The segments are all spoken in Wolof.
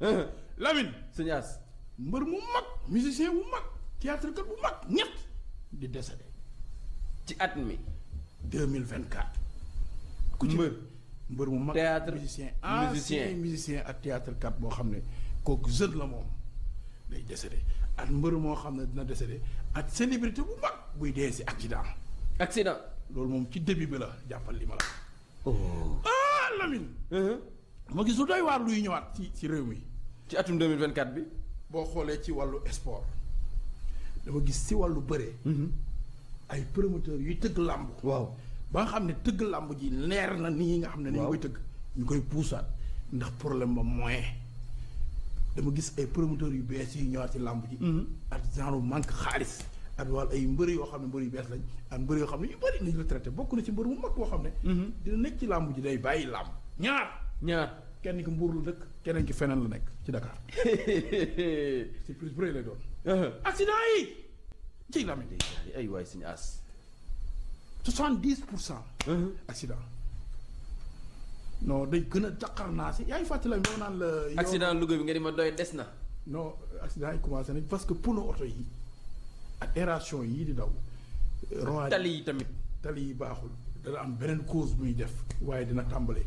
Lamine. sëñ mbër mu mag musicien bu mag théâtre kat bu mag ñett di décédé. ci at mi. deux mille vingt quatre. ku ci mbër mbër mu mag. théâtre musicien ancien musicien ak théâtre boo xam ne kooku jeune la moom day décédé at mbër moo xam ne dina décédé at célébrité bu mag buy dee si accident. accident loolu moom ci début bi la jàppal li ma la. oh ah Lamine. Uh-huh. ma gis lu doy waar luy ñëwaat ci ci réew mi. ci atum 2024 bi bo xolé ci walu sport dama gis ci walu wàllu hmm ay promoteur yu teug lamb waaw ba nga teug lamb ji leer na ni nga xam ni ñu koy tëgg ñu koy poussat ndax problème ba moyen dama gis ay promoteur yu bess yi ñëwaat ci làmb ji mhm. ak genre manque xaalis ak wal ay mbeur yo xam mbeur yu bess lañ ak mbeur yo xam yu bari ni la traité bokku na ci mbeur mu mag bo xam hmm dina nekk ci lamb ji day bayyi lamb ñaar ñaar kenn ki mbuur la dëkk keneen ki feneen la nekk ci Dakar surprise bu rëy lay doon. Uh-huh. accident yi ci waay suñu as. soixante dix pour cent. Uh-huh. accident. non day gën a jaqar naa si yaa ngi fàttali moo naan la. accident Louga bi nga di ma doy des na. non accident yi commencé nañ parce que pono oto yi ak aération yii di daw. tali yi tamit tali yi baaxul dana am beneen cause bu ñuy def waaye dina tàmbalee.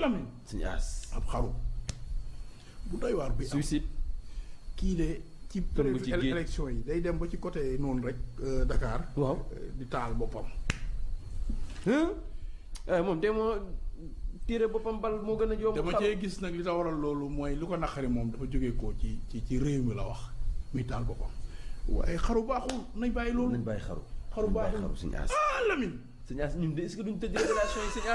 Lamine. suñu as ab xaru. bu doy waar bi am suicide. kii de ci prévu élection yi day dem ba ci côté noonu rek euh, dakaar waaw euh, di taal boppam. ah moom de moo tiré boppam bal moo gën a yomb. dama cee gis nag li ta waral loolu mooy lu ko naqari moom dafa jógee koo ci ci ci réew mi la wax muy taal boppam. waaye xaru baaxul nañ bàyyi loolu. nañ bàyyi xaru. xaru baaxul nañ bàyyi xaru suñu as. ah Lamine. suñu as ñun de est-ce que duñ tëj révélation yi suñu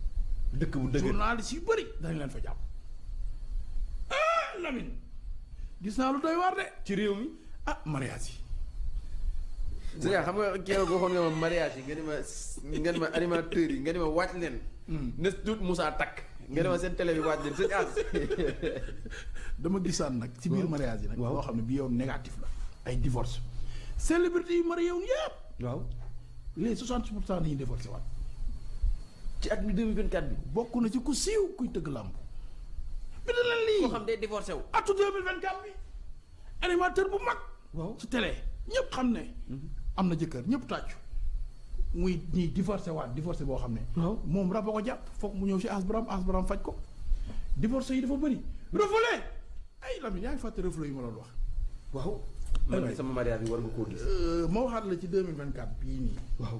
dëkk bu dëgër journaliste yu bëri dañ leen fa jàpp. ah Lamine gis naa lu doy waar de ci réew mi ah mariage yi. sëñ xam nga kii waxoon nga ma mariage yi nga ni ma nga ni ma animateurs yi nga ni ma wàcc leen. Hmm. nes tuut Moussa takk. nga ni ma seen télé bi wàcc leen sëñ as. dama gisaan nag ci biir mariage yi nag. waaw loo xam ne bi yow négatif la ay divorce. célébrité yu marié wu yëpp. waaw les 60 pour cent dañuy divorcé waat. ci at mi 2024 bi bokku na ci ku siiw kuy teug lamb bi da leen lii xam day divorcer wu atu 2024 bi animateur bu mag Wow. ci télé ñepp xam ne mhm. amna na ñepp taccu muy ni divorcer wa divorcer bo xam mom rabo ko japp fokk mu ñew ci asbram asbram fajj ko divorcer yi dafa bari refoulé ay Lamine yaa ngi fàtte refoulé yi ma doon wax waaw sama mariage bi war nga gis euh, la ci 2024 ini. Wow. waaw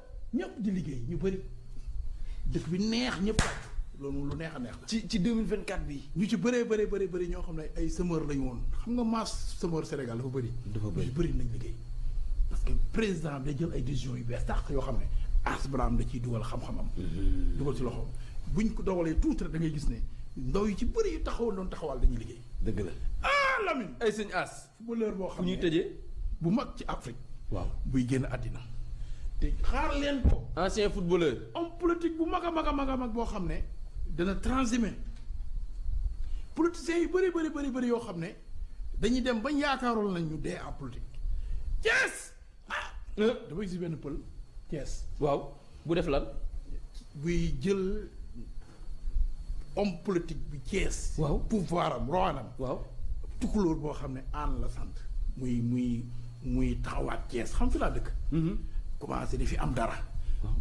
ñepp di liggéey ñu bari dëkk bi neex ñepp loolu lu neex neex ci ci 2024 bi. ñu ci bëree bëree bëri bëri ñoo xam ne ay semeur lañu woon xam nga masse semeur Sénégal dafa bëri. dafa bëri ñu bëri nañ liggéey. parce que président da jël ay décisions yu bees tax yoo xam ne as braam da ci dugal xam-xamam. Mm-hmm. dugal ci loxom buñ ko dogalee tout rek da ngay gis ne ndaw yu ci bëri yu taxawoon doon taxawal dañuy liggéey. dëgg la ah Lamine. ay sëñ as. footballeur boo xam ne ñuy tëjee bu mag ci Afrique. waaw buy génn àddina. xaar ancien footballeur. homme politique bu mag politique. Yes. ah. Euh. dama Yes. Wow. waaw bu homme politique bi pouvoir waaw couleur la commencé di fi am dara.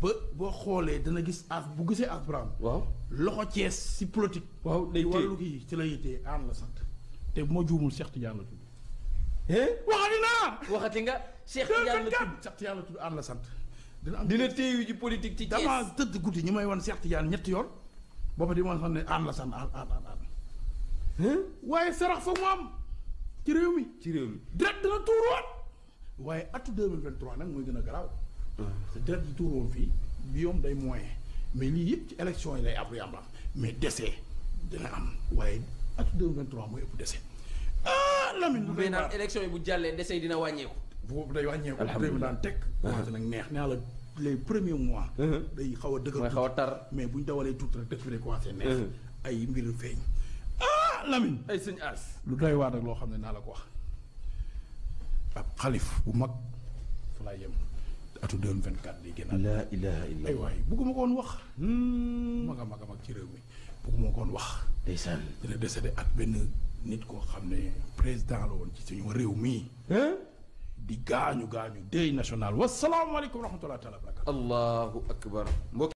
ba xolé da na gis as bu gisee as Birame. waaw loxo Thiès ci politique. waaw day téye wàllu kii ci la yittee am la sante té mo djumul Cheikh Tidiane la tudd. waxati na waxati nga Cheikh Tidiane la tudd Cheikh Tidiane la tudd aan la sant. dina am dina téye ci politique ci dama teud tëdd ñi may won Cheikh Tidiane ñetti yoon. booba di mo xamné am aan sante sant aan aan aan. waye sarax fo mu am ci réew mi. ci réew mi direct tour won waye atu 2023 nak moy gëna graw deret ji tuuroon fii bi day moyen mais lii yëpp ci élection yi lay ab am mais dese dina am waaye at 2023 mooy ëpp décès ah Lamine. bu dee naan élection bu jàllee décès yi dina wàññeeku. bu day wàññeeku. alhamdulilah daan teg. Uh-huh. commencé naa la les premiers mois. Uh-huh. day xaw a dëgër. xaw a tar mais bu dawalee tuuti rek dëkk bi uh-huh. ay mbir feeñ. ah Lamine. ay lu doy waar nag loo xam ne naa la ko wax. ab xalif bu mag fa laay atu 2024 lay génnaat. laa ilaaha illa ay waay bugguma ko woon wax. maga hmm. maga mag ci réew mi bugguma ko woon wax. ndeysaan dina décédé ak benn nit koo xam ne président la woon ci suñu réew mi di gaañu gaañu deuil national wasalaamaaleykum wa rahmatulah taala wa barakatu. allahu akbar.